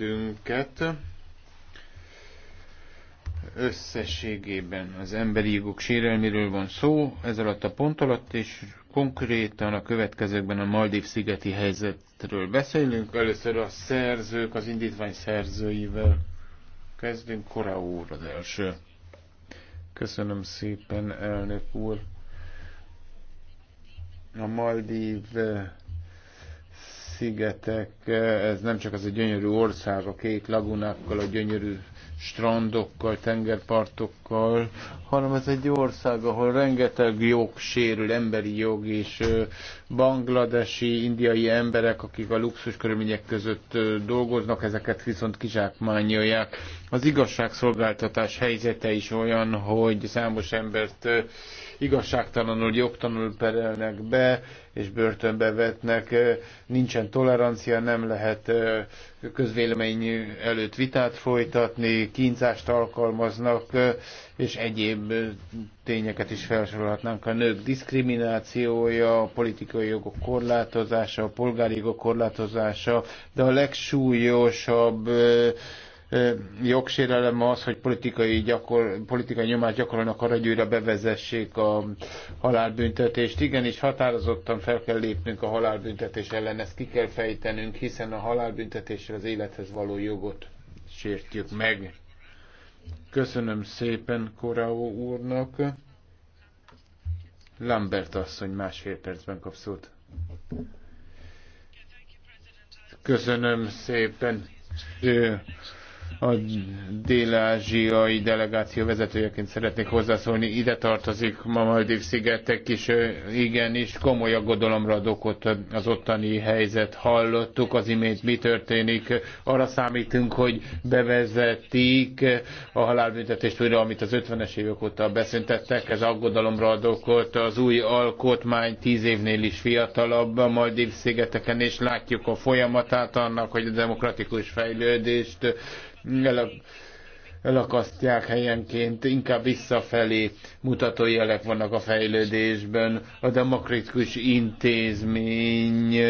beszédünket. Összességében az emberi jogok sérelméről van szó, ez alatt a pont alatt, és konkrétan a következőkben a Maldív szigeti helyzetről beszélünk. Először a szerzők, az indítvány szerzőivel kezdünk. Kora úr az első. Köszönöm szépen, elnök úr. A Maldív eh, szigetek, ez nem csak az a gyönyörű ország a kék lagunákkal, a gyönyörű strandokkal, tengerpartokkal, hanem ez egy ország, ahol rengeteg jog sérül, emberi jog, és bangladesi, indiai emberek, akik a luxus körülmények között dolgoznak, ezeket viszont kizsákmányolják. Az igazságszolgáltatás helyzete is olyan, hogy számos embert igazságtalanul, jogtalanul perelnek be, és börtönbe vetnek, nincsen tolerancia, nem lehet közvélemény előtt vitát folytatni, kínzást alkalmaznak, és egyéb tényeket is felsorolhatnánk. A nők diszkriminációja, a politikai jogok korlátozása, a polgári jogok korlátozása, de a legsúlyosabb jogsérelem az, hogy politikai, gyakor, politikai nyomást gyakorolnak arra, hogy újra bevezessék a halálbüntetést. Igen, és határozottan fel kell lépnünk a halálbüntetés ellen, ezt ki kell fejtenünk, hiszen a halálbüntetésre az élethez való jogot sértjük meg. Köszönöm szépen Koraó úrnak. Lambert asszony másfél percben kap szót. Köszönöm szépen. Ő a dél-ázsiai delegáció vezetőjeként szeretnék hozzászólni. Ide tartozik ma Maldiv szigetek is, igenis komoly aggodalomra okot az ottani helyzet. Hallottuk az imént, mi történik. Arra számítunk, hogy bevezetik a halálbüntetést újra, amit az 50-es évek óta beszüntettek. Ez aggodalomra okot. Az új alkotmány tíz évnél is fiatalabb a Maldiv szigeteken, és látjuk a folyamatát annak, hogy a demokratikus fejlődést elakasztják helyenként, inkább visszafelé mutató jelek vannak a fejlődésben. A demokratikus intézmény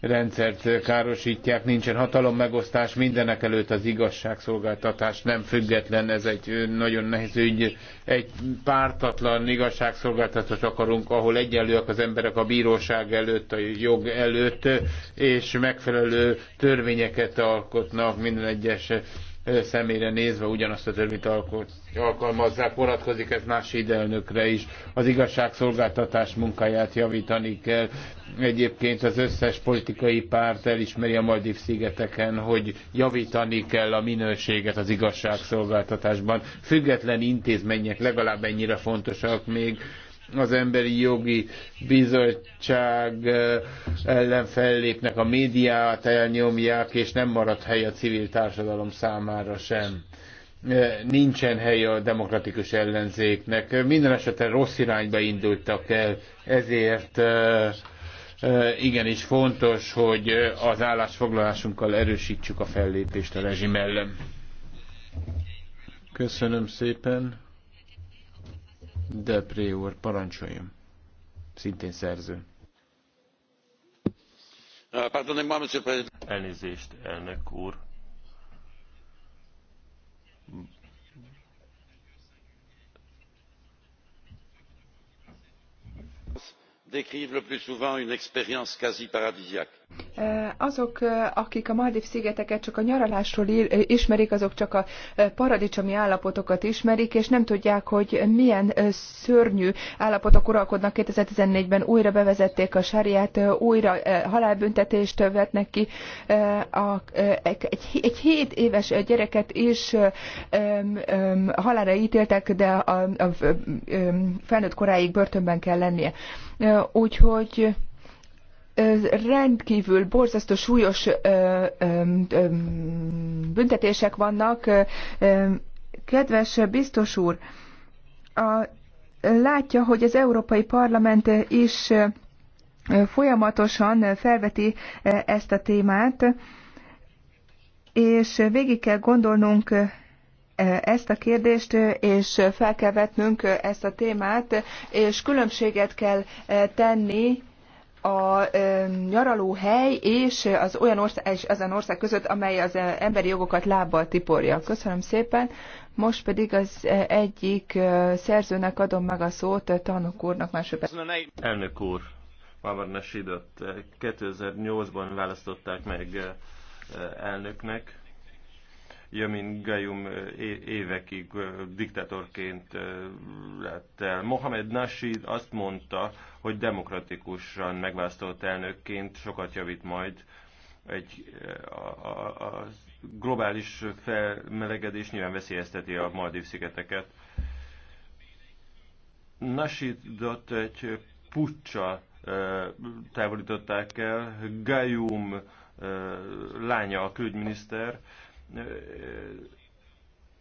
rendszert károsítják, nincsen hatalommegosztás, mindenek előtt az igazságszolgáltatás nem független, ez egy nagyon nehéz ügy. Egy pártatlan igazságszolgáltatást akarunk, ahol egyenlőek az emberek a bíróság előtt, a jog előtt, és megfelelő törvényeket alkotnak minden egyes személyre nézve ugyanazt az örvét alkalmazzák, vonatkozik ez más idelnökre is. Az igazságszolgáltatás munkáját javítani kell. Egyébként az összes politikai párt elismeri a Maldiv szigeteken, hogy javítani kell a minőséget az igazságszolgáltatásban. Független intézmények legalább ennyire fontosak még az Emberi Jogi Bizottság ellen fellépnek, a médiát elnyomják, és nem marad hely a civil társadalom számára sem. Nincsen hely a demokratikus ellenzéknek. Minden esetre rossz irányba indultak el, ezért igenis fontos, hogy az állásfoglalásunkkal erősítsük a fellépést a rezsim ellen. Köszönöm szépen. Depré úr, parancsoljon. Szintén szerző. Uh, Elnézést, elnök úr. décrivent le plus souvent une expérience quasi paradisiaque. Azok, akik a Maldív szigeteket csak a nyaralásról ismerik, azok csak a paradicsomi állapotokat ismerik, és nem tudják, hogy milyen szörnyű állapotok uralkodnak. 2014-ben újra bevezették a sáriát, újra halálbüntetést vetnek ki. egy, egy 7 éves gyereket is halára ítéltek, de a felnőtt koráig börtönben kell lennie. Úgyhogy rendkívül borzasztó súlyos büntetések vannak. Kedves biztos úr, a, látja, hogy az Európai Parlament is folyamatosan felveti ezt a témát, és végig kell gondolnunk ezt a kérdést, és fel kell vetnünk ezt a témát, és különbséget kell tenni a nyaralóhely és az olyan ország, és az ország között, amely az emberi jogokat lábbal tiporja. Köszönöm szépen. Most pedig az egyik szerzőnek adom meg a szót, Tanok úrnak másodperc. Elnök úr, Mávar Nasidot 2008-ban választották meg elnöknek, Jamin Gayum évekig diktátorként lett el. Mohamed Nasheed azt mondta, hogy demokratikusan megválasztott elnökként sokat javít majd egy, a, a, a globális felmelegedés nyilván veszélyezteti a Maldív-szigeteket. Nasidot egy puccsa távolították el, Gayum lánya a külügyminiszter,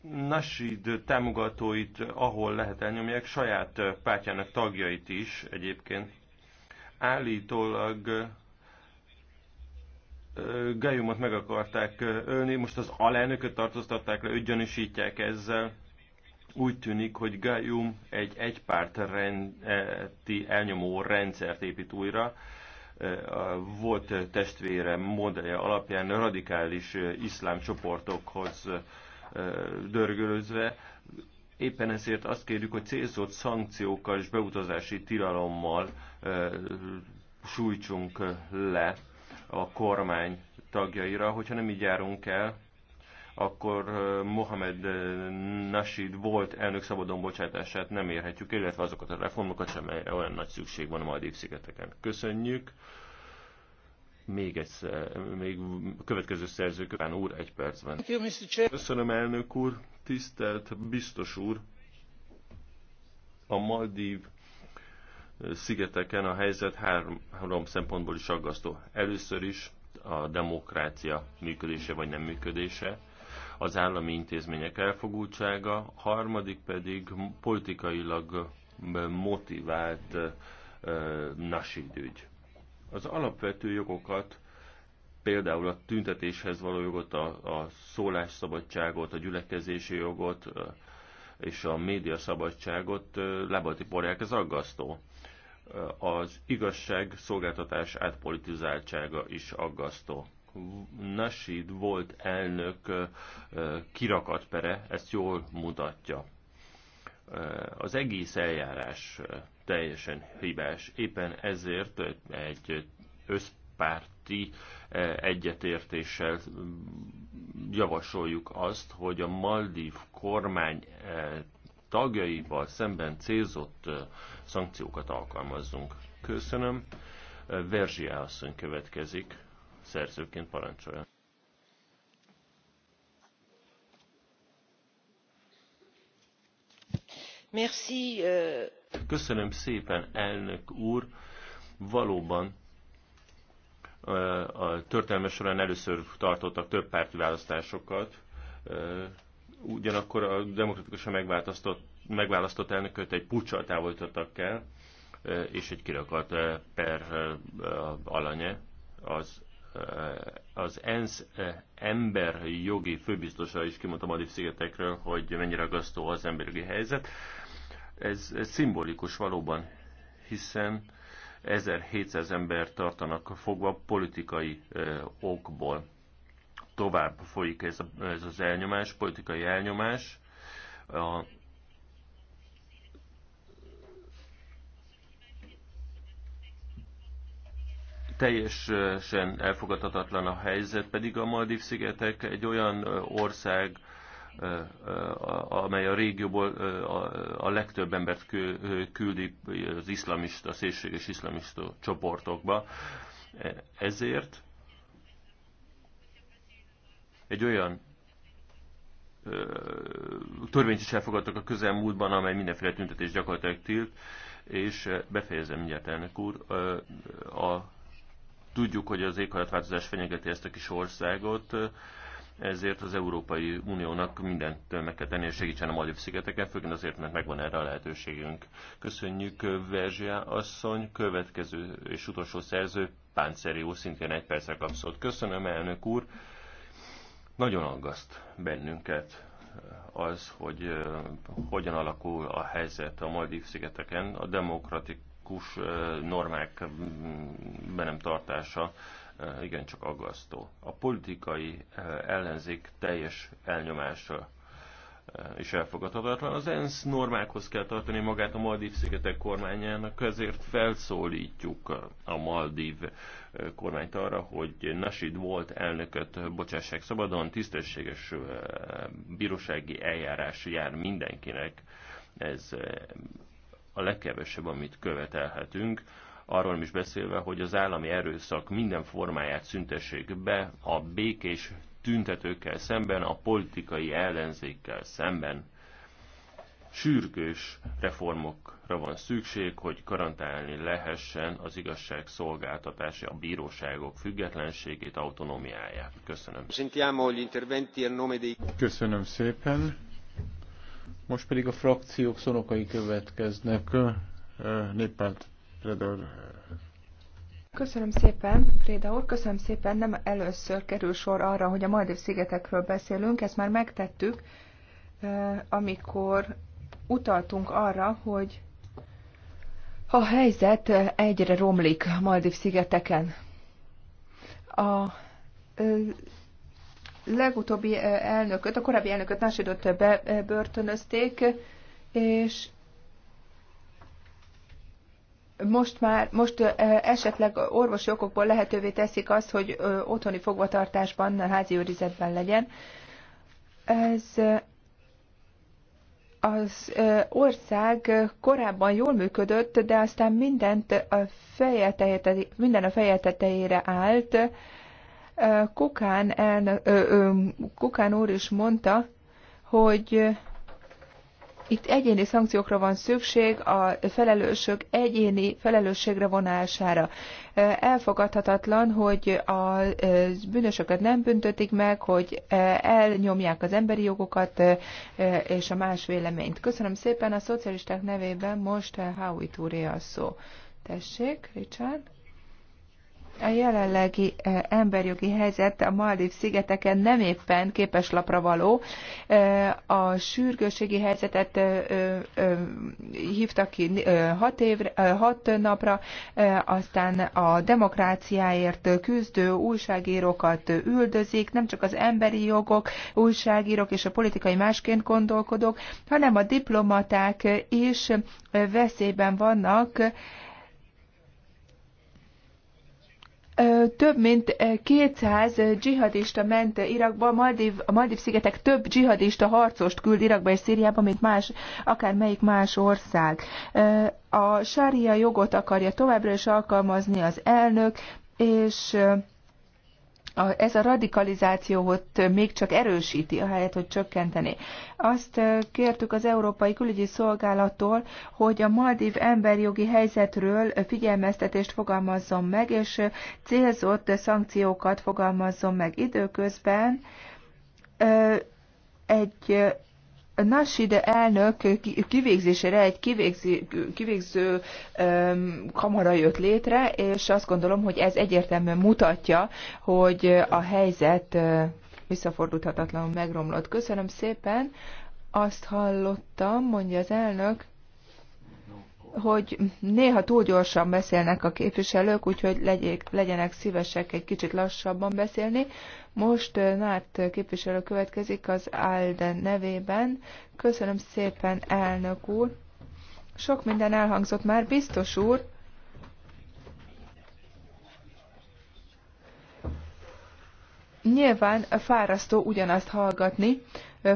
Nasid támogatóit, ahol lehet elnyomják, saját pártjának tagjait is egyébként. Állítólag Gajumot meg akarták ölni, most az alelnököt tartóztatták le, őt ezzel. Úgy tűnik, hogy Gajum egy egypárt rend, elnyomó rendszert épít újra Eh, volt testvére modellje alapján radikális eh, iszlám csoportokhoz eh, dörgölözve. Éppen ezért azt kérjük, hogy célzott szankciókkal és beutazási tilalommal sújtsunk le a kormány tagjaira, hogyha nem így járunk el, akkor Mohamed Nasid volt elnök szabadon bocsátását nem érhetjük, illetve azokat a reformokat sem olyan nagy szükség van a Maldív szigeteken. Köszönjük! Még egyszer, még következő szerzők Köván úr egy percben. Köszönöm elnök úr, tisztelt biztos úr! A Maldív szigeteken a helyzet három, három szempontból is aggasztó. Először is a demokrácia működése vagy nem működése az állami intézmények elfogultsága, harmadik pedig politikailag motivált nasidügy. Az alapvető jogokat, például a tüntetéshez való jogot, a, a szólásszabadságot, a gyülekezési jogot és a média szabadságot lebatiporják, ez aggasztó az igazság szolgáltatás átpolitizáltsága is aggasztó. Nasid volt elnök kirakatpere ezt jól mutatja. Az egész eljárás teljesen hibás, éppen ezért egy összpárti egyetértéssel javasoljuk azt, hogy a Maldív kormány tagjaival szemben célzott szankciókat alkalmazzunk. Köszönöm. Verzsia asszony következik szerzőként parancsolja. Merci. Köszönöm szépen, elnök úr. Valóban a történelme során először tartottak több párti választásokat, ugyanakkor a demokratikusan megválasztott, megválasztott elnököt egy puccsal távolítottak el, és egy kirakat per alanye az az ENSZ jogi főbiztosa is kimondta Maldiv szigetekről, hogy mennyire gasztó az emberi helyzet. Ez, ez szimbolikus valóban, hiszen 1700 ember tartanak fogva politikai okból. Tovább folyik ez, a, ez az elnyomás, politikai elnyomás. A Teljesen elfogadhatatlan a helyzet, pedig a Maldív-szigetek egy olyan ország, amely a régióból a legtöbb embert küldi az iszlamista, szélséges iszlamista csoportokba. Ezért egy olyan törvényt is elfogadtak a közelmúltban, amely mindenféle tüntetés gyakorlatilag tilt, és befejezem mindjárt elnök úr, a Tudjuk, hogy az éghajlatváltozás fenyegeti ezt a kis országot, ezért az Európai Uniónak mindent meg kell tenni, és segítsen a Maldiv szigeteken, főként azért, mert megvan erre a lehetőségünk. Köszönjük, Verzsia asszony, következő és utolsó szerző, Pánceri úr, szintén egy percre kapszott. Köszönöm, elnök úr. Nagyon aggaszt bennünket az, hogy eh, hogyan alakul a helyzet a Maldiv szigeteken. A demokratik etikus normák be nem tartása igencsak aggasztó. A politikai ellenzék teljes elnyomása és elfogadhatatlan. Az ENSZ normákhoz kell tartani magát a Maldív szigetek kormányának, ezért felszólítjuk a Maldív kormányt arra, hogy Nasid volt elnököt bocsássák szabadon, tisztességes bírósági eljárás jár mindenkinek. Ez a legkevesebb, amit követelhetünk, arról is beszélve, hogy az állami erőszak minden formáját szüntessék be a békés tüntetőkkel szemben, a politikai ellenzékkel szemben. Sürgős reformokra van szükség, hogy garantálni lehessen az igazság szolgáltatása, a bíróságok függetlenségét, autonómiáját. Köszönöm. Köszönöm szépen. Most pedig a frakciók szonokai következnek. Néppárt Predor. Köszönöm szépen, Préda úr, köszönöm szépen. Nem először kerül sor arra, hogy a Maldiv szigetekről beszélünk, ezt már megtettük, amikor utaltunk arra, hogy a helyzet egyre romlik a Maldiv szigeteken. A legutóbbi elnököt, a korábbi elnököt Násidot bebörtönözték, és most már, most esetleg orvosi okokból lehetővé teszik azt, hogy otthoni fogvatartásban, házi őrizetben legyen. Ez az ország korábban jól működött, de aztán mindent a feje tetejére, minden a feje tetejére állt, Kukán, elne, ö, ö, Kukán úr is mondta, hogy itt egyéni szankciókra van szükség, a felelősök egyéni felelősségre vonására. Elfogadhatatlan, hogy a bűnösöket nem büntetik meg, hogy elnyomják az emberi jogokat és a más véleményt. Köszönöm szépen a szocialisták nevében most Howitt úré a szó. Tessék, Richard a jelenlegi eh, emberjogi helyzet a Maldív szigeteken nem éppen lapra való. Eh, a sürgőségi helyzetet eh, hívtak ki hat, évre, hat napra, aztán a demokráciáért küzdő újságírókat üldözik, nem csak az emberi jogok, újságírók és a politikai másként gondolkodók, hanem a diplomaták is veszélyben vannak, több mint 200 dzsihadista ment Irakba, Maldiv a Maldiv szigetek több dzsihadista harcost küld Irakba és Szíriába, mint más, akár melyik más ország. A sária jogot akarja továbbra is alkalmazni az elnök, és ez a radikalizációt még csak erősíti, ahelyett, hogy csökkenteni. Azt kértük az Európai Külügyi Szolgálattól, hogy a Maldív emberjogi helyzetről figyelmeztetést fogalmazzon meg, és célzott szankciókat fogalmazzon meg időközben. Egy Nashide elnök kivégzésére egy kivégzi, kivégző um, kamara jött létre, és azt gondolom, hogy ez egyértelműen mutatja, hogy a helyzet visszafordulhatatlanul megromlott. Köszönöm szépen, azt hallottam, mondja az elnök, hogy néha túl gyorsan beszélnek a képviselők, úgyhogy legyék, legyenek szívesek egy kicsit lassabban beszélni. Most Nárt képviselő következik az Alden nevében. Köszönöm szépen, elnök úr. Sok minden elhangzott már, biztos úr. Nyilván fárasztó ugyanazt hallgatni,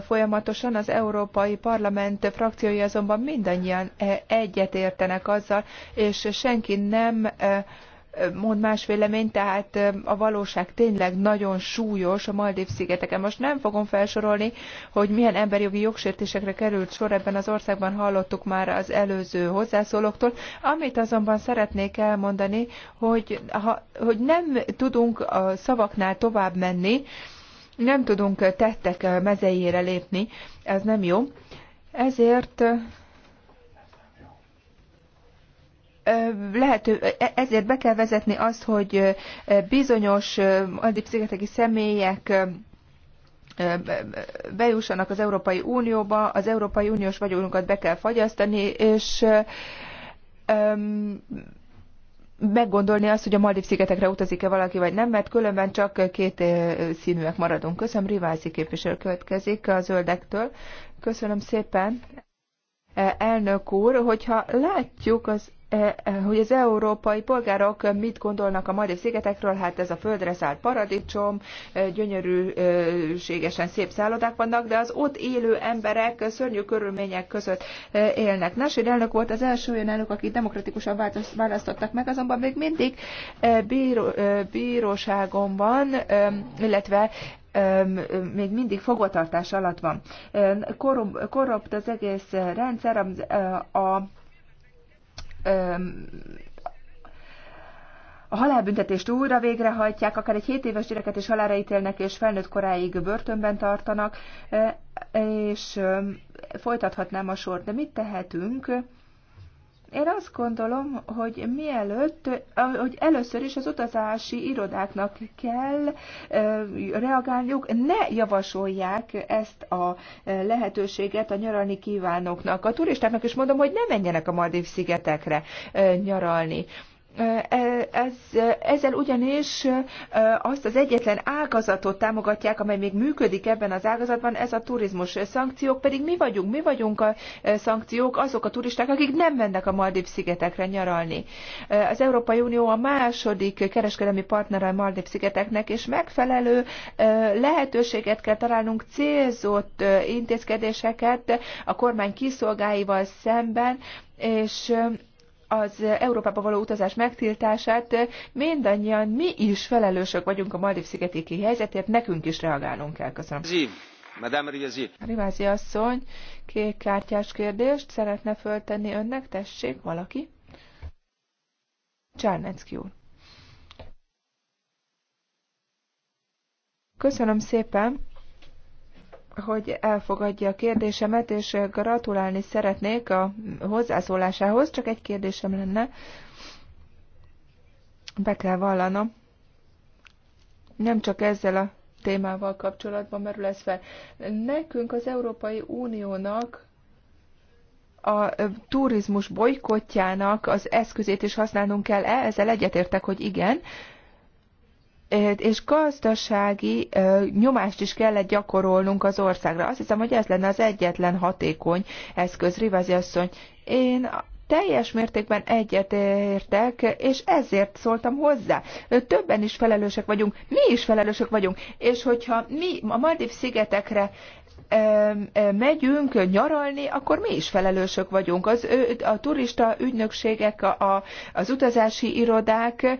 folyamatosan. Az Európai Parlament frakciói azonban mindannyian egyet értenek azzal, és senki nem mond más véleményt, tehát a valóság tényleg nagyon súlyos a Maldív szigeteken. Most nem fogom felsorolni, hogy milyen emberjogi jogsértésekre került sor ebben az országban, hallottuk már az előző hozzászólóktól. Amit azonban szeretnék elmondani, hogy, ha, hogy nem tudunk a szavaknál tovább menni, nem tudunk tettek mezejére lépni, ez nem jó. Ezért lehető, e, ezért be kell vezetni azt, hogy bizonyos antipszichetikai személyek bejussanak az Európai Unióba, az Európai Uniós vagyonunkat be kell fagyasztani, és meggondolni azt, hogy a Maldiv szigetekre utazik-e valaki, vagy nem, mert különben csak két eh, színűek maradunk. Köszönöm, Rivázi képviselő következik a zöldektől. Köszönöm szépen, eh, elnök úr, hogyha látjuk az E, e, hogy az európai polgárok mit gondolnak a Magyar szigetekről, hát ez a földre szállt paradicsom, e, gyönyörűségesen szép szállodák vannak, de az ott élő emberek szörnyű körülmények között élnek. Nasir elnök volt az első olyan elnök, akit demokratikusan választottak meg, azonban még mindig bíró, bíróságon van, illetve még mindig fogvatartás alatt van. Korrupt az egész rendszer, a a halálbüntetést újra végrehajtják, akár egy 7 éves gyereket is halára ítélnek, és felnőtt koráig börtönben tartanak, és folytathatnám a sort. De mit tehetünk? Én azt gondolom, hogy mielőtt, hogy először is az utazási irodáknak kell reagálniuk, ne javasolják ezt a lehetőséget a nyaralni kívánóknak. A turistáknak is mondom, hogy ne menjenek a Maldív szigetekre nyaralni. E, ez, ezzel ugyanis azt az egyetlen ágazatot támogatják, amely még működik ebben az ágazatban, ez a turizmus szankciók, pedig mi vagyunk, mi vagyunk a szankciók, azok a turisták, akik nem mennek a Maldiv szigetekre nyaralni. Az Európai Unió a második kereskedelmi partner a Maldiv szigeteknek, és megfelelő lehetőséget kell találnunk célzott intézkedéseket a kormány kiszolgáival szemben, és az Európába való utazás megtiltását, mindannyian mi is felelősök vagyunk a Maldiv szigetéki helyzetért, nekünk is reagálnunk kell. Köszönöm. Zim, Madame Riazi. Rivázi asszony, kék kártyás kérdést szeretne föltenni önnek, tessék, valaki? Csárnecki úr. Köszönöm szépen hogy elfogadja a kérdésemet, és gratulálni szeretnék a hozzászólásához, csak egy kérdésem lenne. Be kell vallanom. Nem csak ezzel a témával kapcsolatban merül ez fel. Nekünk az Európai Uniónak a turizmus bolykotjának az eszközét is használnunk kell -e? Ezzel egyetértek, hogy igen, Eh, és gazdasági eh, nyomást is kellett gyakorolnunk az országra. Azt hiszem, hogy ez lenne az egyetlen hatékony eszköz, Rivazi asszony. Én teljes mértékben egyetértek, és ezért szóltam hozzá. Eh, többen is felelősek vagyunk, mi is felelősek vagyunk, és hogyha mi a Maldiv szigetekre megyünk nyaralni, akkor mi is felelősök vagyunk. Az, a turista ügynökségek, a, az utazási irodák,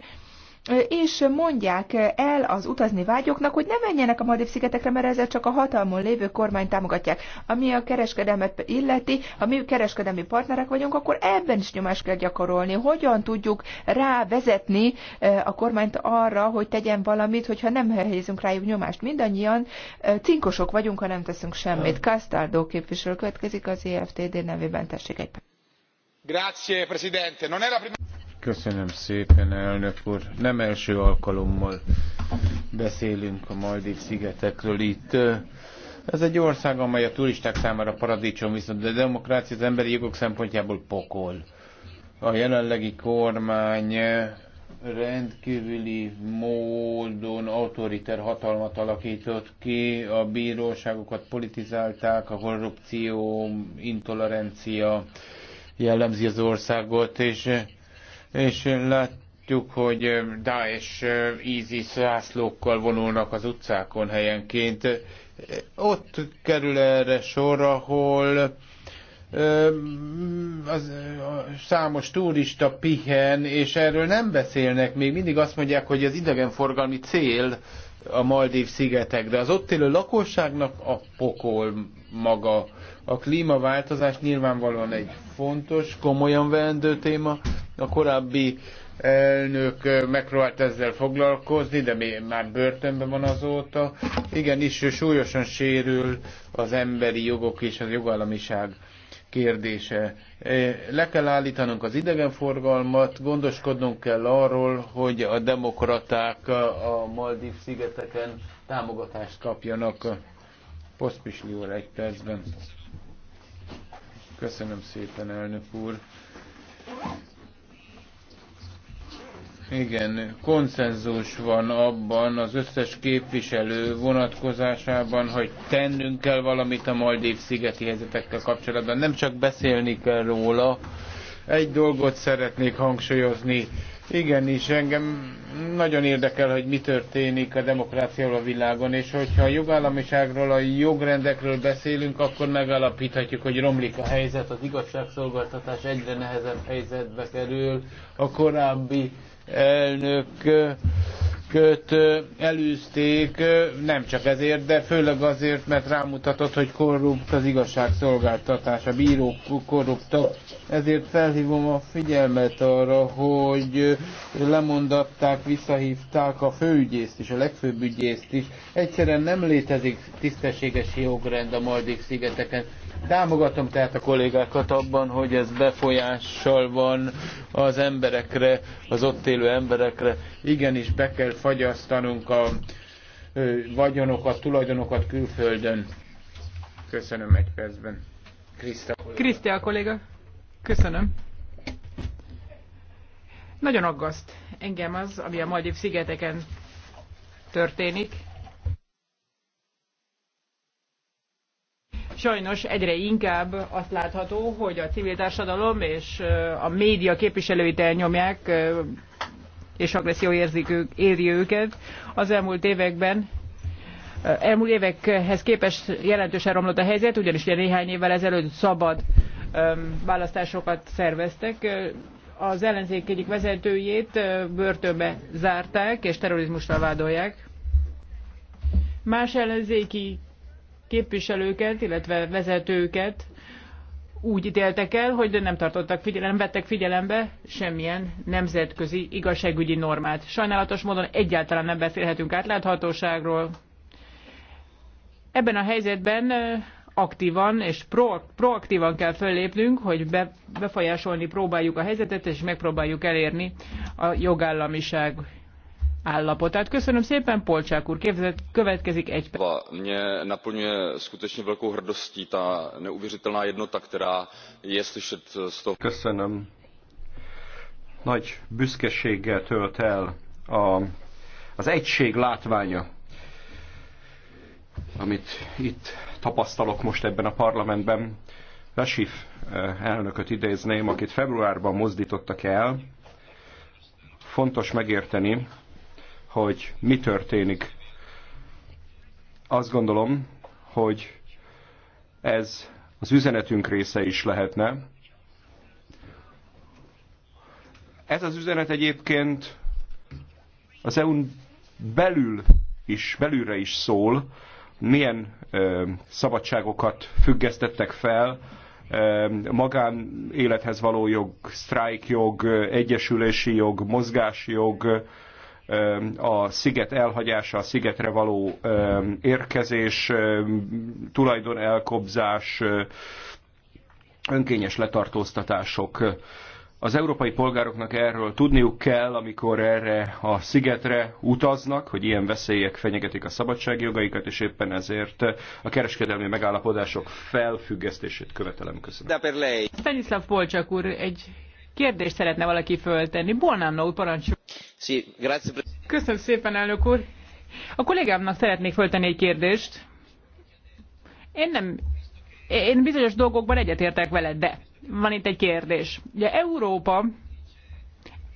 és mondják el az utazni vágyóknak, hogy ne menjenek a Maldív-szigetekre, mert ezzel csak a hatalmon lévő kormány támogatják. Ami a kereskedelmet illeti, ha mi kereskedelmi partnerek vagyunk, akkor ebben is nyomást kell gyakorolni. Hogyan tudjuk rávezetni e, a kormányt arra, hogy tegyen valamit, hogyha nem helyezünk rájuk nyomást. Mindannyian e, cinkosok vagyunk, ha nem teszünk semmit. Kastardó képviselő következik az EFTD nevében. Tessék egy Grazie, Presidente. Non è la prima... Köszönöm szépen, elnök úr. Nem első alkalommal beszélünk a Maldív szigetekről itt. Ez egy ország, amely a turisták számára paradicsom, viszont a demokrácia az emberi jogok szempontjából pokol. A jelenlegi kormány rendkívüli módon autoriter hatalmat alakított ki, a bíróságokat politizálták, a korrupció, intolerancia jellemzi az országot, és és látjuk, hogy Daesh ISIS zászlókkal vonulnak az utcákon helyenként. Ott kerül erre sor, ahol az, számos turista pihen, és erről nem beszélnek. Még mindig azt mondják, hogy az idegenforgalmi cél a Maldív szigetek, de az ott élő lakosságnak a pokol maga. A klímaváltozás nyilvánvalóan egy fontos, komolyan veendő téma. A korábbi elnök eh, megpróbált ezzel foglalkozni, de még már börtönben van azóta. is súlyosan sérül az emberi jogok és az jogállamiság kérdése. Eh, le kell állítanunk az idegenforgalmat, gondoskodnunk kell arról, hogy a demokraták a Maldív szigeteken támogatást kapjanak. Poszpisli úr egy percben. Köszönöm szépen, elnök úr. Igen, konszenzus van abban az összes képviselő vonatkozásában, hogy tennünk kell valamit a Maldív szigeti helyzetekkel kapcsolatban. Nem csak beszélni kell róla. Egy dolgot szeretnék hangsúlyozni is engem nagyon érdekel, hogy mi történik a demokráciával a világon, és hogyha a jogállamiságról, a jogrendekről beszélünk, akkor megalapíthatjuk, hogy romlik a helyzet, az igazságszolgáltatás egyre nehezebb helyzetbe kerül, a korábbi elnök őt elűzték, nem csak ezért, de főleg azért, mert rámutatott, hogy korrupt az igazságszolgáltatás, a bírók korruptak. Ezért felhívom a figyelmet arra, hogy lemondatták, visszahívták a főügyészt is, a legfőbb ügyészt is. Egyszerűen nem létezik tisztességes jogrend a Maldik szigeteken. Támogatom tehát a kollégákat abban, hogy ez befolyással van az emberekre, az ott élő emberekre. Igenis be kell fagyasztanunk a vagyonokat, tulajdonokat külföldön. Köszönöm egy percben. Krisztia kolléga. Krisztia kolléga. Köszönöm. Nagyon aggaszt engem az, ami a Maldiv szigeteken történik. Sajnos egyre inkább azt látható, hogy a civil társadalom és a média képviselőit elnyomják, és agresszió érzik ő, éri őket. Az elmúlt években elmúlt évekhez képest jelentősen romlott a helyzet, ugyanis ugye néhány évvel ezelőtt szabad választásokat szerveztek. Az ellenzék egyik vezetőjét börtönbe zárták és terrorizmusra vádolják. Más ellenzéki képviselőket, illetve vezetőket úgy ítéltek el, hogy nem tartottak figyelembe, vettek figyelembe semmilyen nemzetközi igazságügyi normát. Sajnálatos módon egyáltalán nem beszélhetünk átláthatóságról. Ebben a helyzetben aktívan és pro, proaktívan kell föllépnünk, hogy be, befolyásolni próbáljuk a helyzetet, és megpróbáljuk elérni a jogállamiság állapotát. Köszönöm szépen, Polcsák úr, Képzett, következik egy perc. Mě naplňuje skutečně velkou hrdostí ta neuvěřitelná jednota, která je slyšet z toho. Köszönöm. Nagy büszkeséggel tölt el a, az egység látványa, amit itt tapasztalok most ebben a parlamentben. Rasif eh, elnököt idézném, akit februárban mozdítottak el. Fontos megérteni, hogy mi történik. Azt gondolom, hogy ez az üzenetünk része is lehetne. Ez az üzenet egyébként az EU-n belül is, belülre is szól, milyen ö, szabadságokat függesztettek fel, magánélethez való jog, sztrájkjog, egyesülési jog, mozgási jog, a sziget elhagyása, a szigetre való érkezés, tulajdon elkobzás, önkényes letartóztatások. Az európai polgároknak erről tudniuk kell, amikor erre a szigetre utaznak, hogy ilyen veszélyek fenyegetik a szabadságjogaikat, és éppen ezért a kereskedelmi megállapodások felfüggesztését követelem. Köszönöm. Stanislav Polcsak úr, egy kérdést szeretne valaki föltenni. Bolnám úr, parancsoljon. Köszönöm szépen, elnök úr. A kollégámnak szeretnék föltenni egy kérdést. Én nem, én bizonyos dolgokban egyetértek veled, de van itt egy kérdés. Ugye Európa,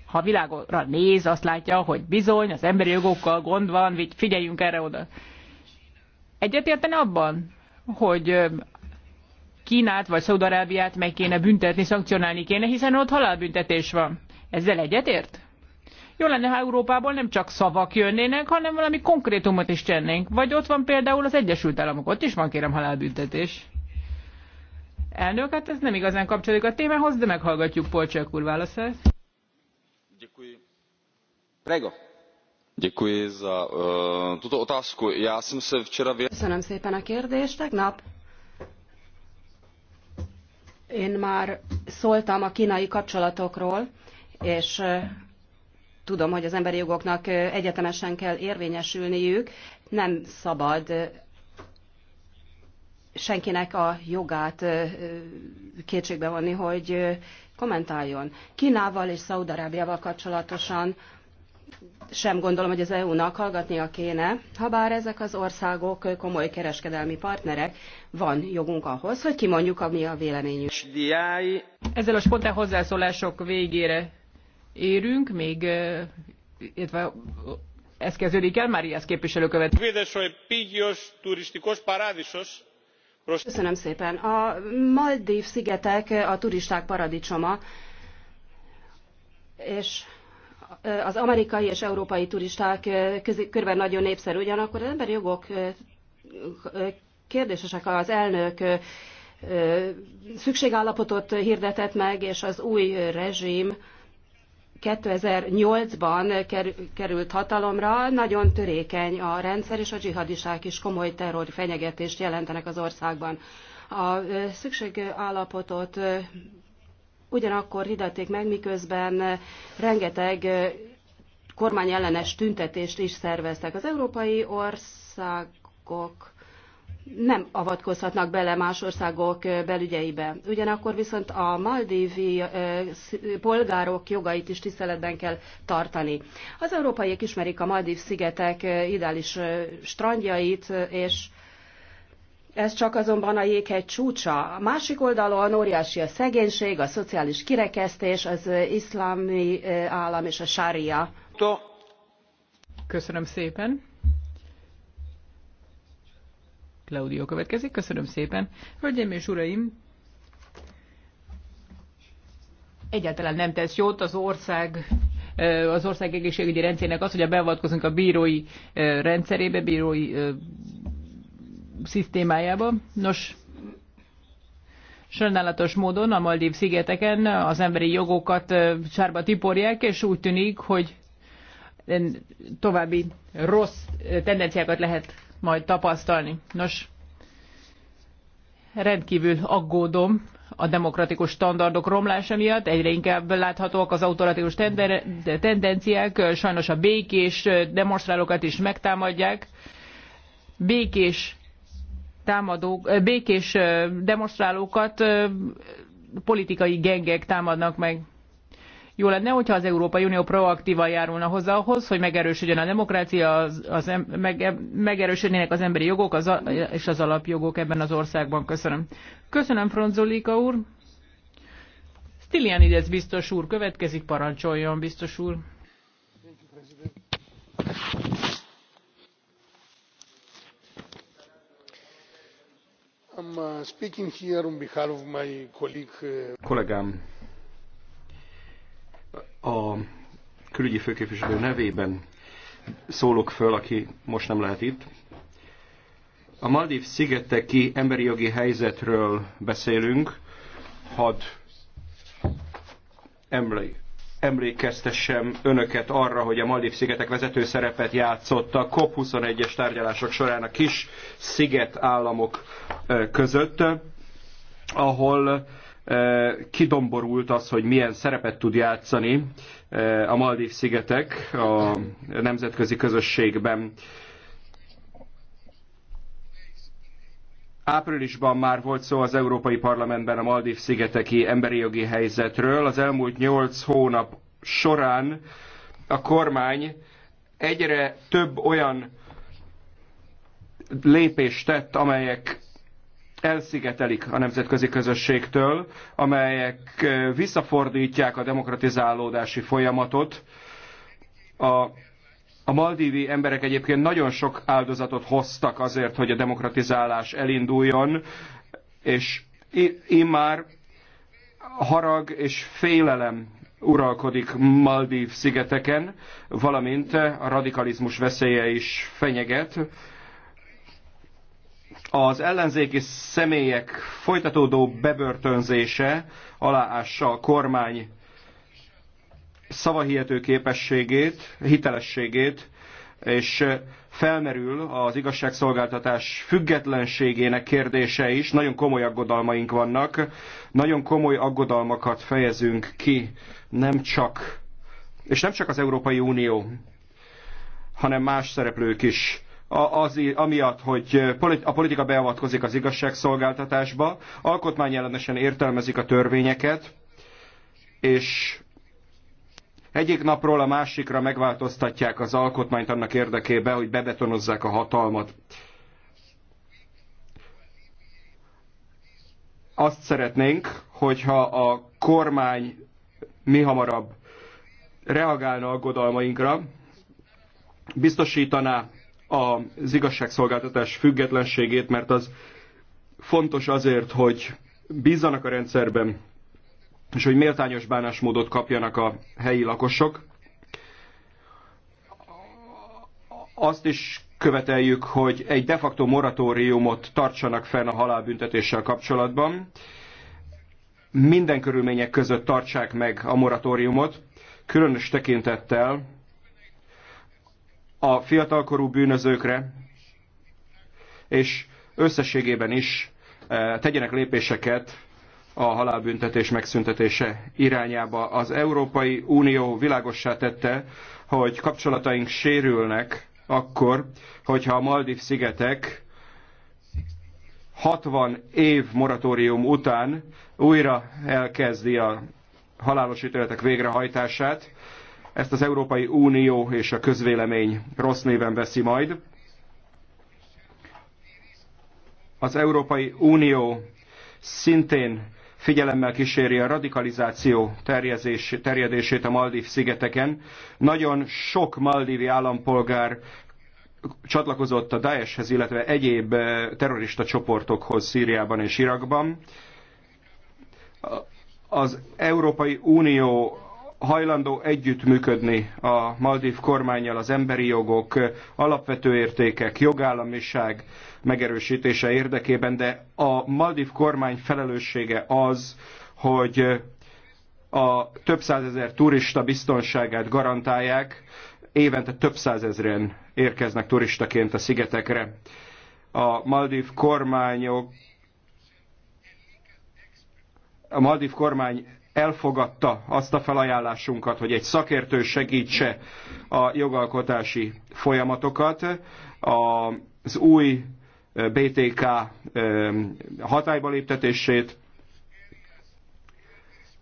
ha világra néz, azt látja, hogy bizony, az emberi jogokkal gond van, figyeljünk erre oda. Egyetértene abban, hogy Kínát vagy Szaudarábiát meg kéne büntetni, szankcionálni kéne, hiszen ott halálbüntetés van. Ezzel egyetért? Jó lenne, ha Európából nem csak szavak jönnének, hanem valami konkrétumot is tennénk. Vagy ott van például az Egyesült Államok, ott is van kérem halálbüntetés. Elnök, hát ez nem igazán kapcsolódik a témához, de meghallgatjuk Polcsák úr válaszát. Prego. Děkuji za uh, tuto otázku. Já jsem se včera Köszönöm szépen a kérdést. Tegnap én már szóltam a kínai kapcsolatokról, és eh, tudom, hogy az emberi jogoknak egyetemesen kell érvényesülniük, nem szabad senkinek a jogát kétségbe vonni, hogy kommentáljon. Kínával és Szaudarábiával kapcsolatosan sem gondolom, hogy az EU-nak hallgatnia kéne, ha bár ezek az országok komoly kereskedelmi partnerek, van jogunk ahhoz, hogy kimondjuk, ami a véleményünk. Ezzel a spontán hozzászólások végére érünk, még, illetve ez kezdődik el, Máriász képviselő követ. Köszönöm szépen. A Maldív szigetek a turisták paradicsoma, és az amerikai és európai turisták körben nagyon népszerű, ugyanakkor az emberi jogok kérdésesek az elnök szükségállapotot hirdetett meg, és az új rezsim 2008-ban került hatalomra, nagyon törékeny a rendszer, és a dzsihadisták is komoly terror fenyegetést jelentenek az országban. A szükségállapotot ugyanakkor hirdették meg, miközben rengeteg kormányellenes tüntetést is szerveztek. Az európai országok nem avatkozhatnak bele más országok belügyeibe. Ugyanakkor viszont a maldívi polgárok jogait is tiszteletben kell tartani. Az európaiak ismerik a Maldív szigetek ideális strandjait, és ez csak azonban a jéghegy csúcsa. A másik oldalon óriási a szegénység, a szociális kirekesztés, az iszlámi állam és a sária. Köszönöm szépen. Claudio következik. Köszönöm szépen. Hölgyeim és uraim, egyáltalán nem tesz jót az ország az ország egészségügyi rendszerének az, hogy a beavatkozunk a bírói rendszerébe, bírói szisztémájába. Nos, sajnálatos módon a Maldív szigeteken az emberi jogokat sárba tiporják, és úgy tűnik, hogy további rossz tendenciákat lehet majd tapasztalni. Nos, rendkívül aggódom a demokratikus standardok romlása miatt, egyre inkább láthatóak az autoratikus tendenciák, sajnos a békés demonstrálókat is megtámadják. Békés támadók, békés demonstrálókat politikai gengek támadnak meg. Jó lenne, hogyha az Európai Unió proaktívan járulna hozzá ahhoz, hogy megerősödjön a demokrácia, az, az, meg, megerősödnének az emberi jogok az, és az alapjogok ebben az országban. Köszönöm. Köszönöm, Fronzolika úr. Stylianides biztos úr, következik, parancsoljon, biztos úr. I'm uh, speaking here on behalf of my colleague. Uh, Kollégám a külügyi főképviselő nevében szólok föl, aki most nem lehet itt. A Maldív szigeteki emberi jogi helyzetről beszélünk. Hadd emlé emlékeztessem önöket arra, hogy a Maldív szigetek vezető szerepet játszott a COP21-es tárgyalások során a kis sziget államok között, ahol kidomborult az, hogy milyen szerepet tud játszani a Maldív-szigetek a nemzetközi közösségben. Áprilisban már volt szó az Európai Parlamentben a Maldív-szigeteki emberi jogi helyzetről. Az elmúlt nyolc hónap során a kormány egyre több olyan lépést tett, amelyek elszigetelik a nemzetközi közösségtől, amelyek visszafordítják a demokratizálódási folyamatot. A, a maldívi emberek egyébként nagyon sok áldozatot hoztak azért, hogy a demokratizálás elinduljon, és immár harag és félelem uralkodik Maldív szigeteken, valamint a radikalizmus veszélye is fenyeget az ellenzéki személyek folytatódó bebörtönzése aláássa a kormány szavahihető képességét, hitelességét, és felmerül az igazságszolgáltatás függetlenségének kérdése is. Nagyon komoly aggodalmaink vannak, nagyon komoly aggodalmakat fejezünk ki, nem csak, és nem csak az Európai Unió, hanem más szereplők is az, amiatt, hogy a politika beavatkozik az igazságszolgáltatásba, alkotmányellenesen értelmezik a törvényeket, és egyik napról a másikra megváltoztatják az alkotmányt annak érdekében, hogy bebetonozzák a hatalmat. Azt szeretnénk, hogyha a kormány mi hamarabb reagálna aggodalmainkra, biztosítaná az igazságszolgáltatás függetlenségét, mert az fontos azért, hogy bízzanak a rendszerben, és hogy méltányos bánásmódot kapjanak a helyi lakosok. Azt is követeljük, hogy egy de facto moratóriumot tartsanak fenn a halálbüntetéssel kapcsolatban. Minden körülmények között tartsák meg a moratóriumot, különös tekintettel a fiatalkorú bűnözőkre, és összességében is e, tegyenek lépéseket a halálbüntetés megszüntetése irányába. Az Európai Unió világossá tette, hogy kapcsolataink sérülnek akkor, hogyha a Maldiv szigetek 60 év moratórium után újra elkezdi a halálos ítéletek végrehajtását, ezt az Európai Unió és a közvélemény rossz néven veszi majd. Az Európai Unió szintén figyelemmel kíséri a radikalizáció terjedését a Maldív szigeteken. Nagyon sok maldívi állampolgár csatlakozott a Daeshez, illetve egyéb eh, terrorista csoportokhoz Szíriában és Irakban. Az Európai Unió hajlandó együttműködni a Maldív kormányjal az emberi jogok, alapvető értékek, jogállamiság megerősítése érdekében, de a Maldív kormány felelőssége az, hogy a több százezer turista biztonságát garantálják, évente több százezren érkeznek turistaként a szigetekre. A Maldív kormányok a Maldív kormány elfogadta azt a felajánlásunkat, hogy egy szakértő segítse a jogalkotási folyamatokat. Az új BTK hatályba léptetését,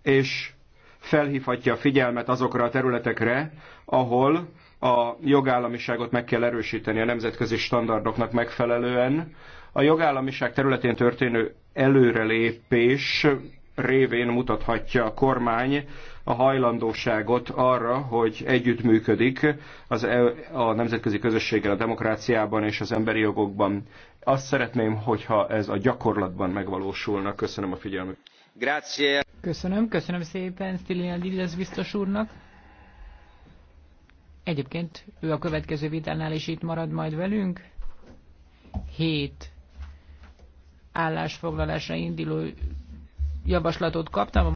és felhívhatja a figyelmet azokra a területekre, ahol a jogállamiságot meg kell erősíteni a nemzetközi standardoknak megfelelően. A jogállamiság területén történő előrelépés révén mutathatja a kormány a hajlandóságot arra, hogy együttműködik az, e- a nemzetközi közösséggel a demokráciában és az emberi jogokban. Azt szeretném, hogyha ez a gyakorlatban megvalósulna. Köszönöm a figyelmüket. Grazie. Köszönöm, köszönöm szépen Stylianides biztos úrnak. Egyébként ő a következő vitánál is itt marad majd velünk. Hét állásfoglalásra induló javaslatot kaptam.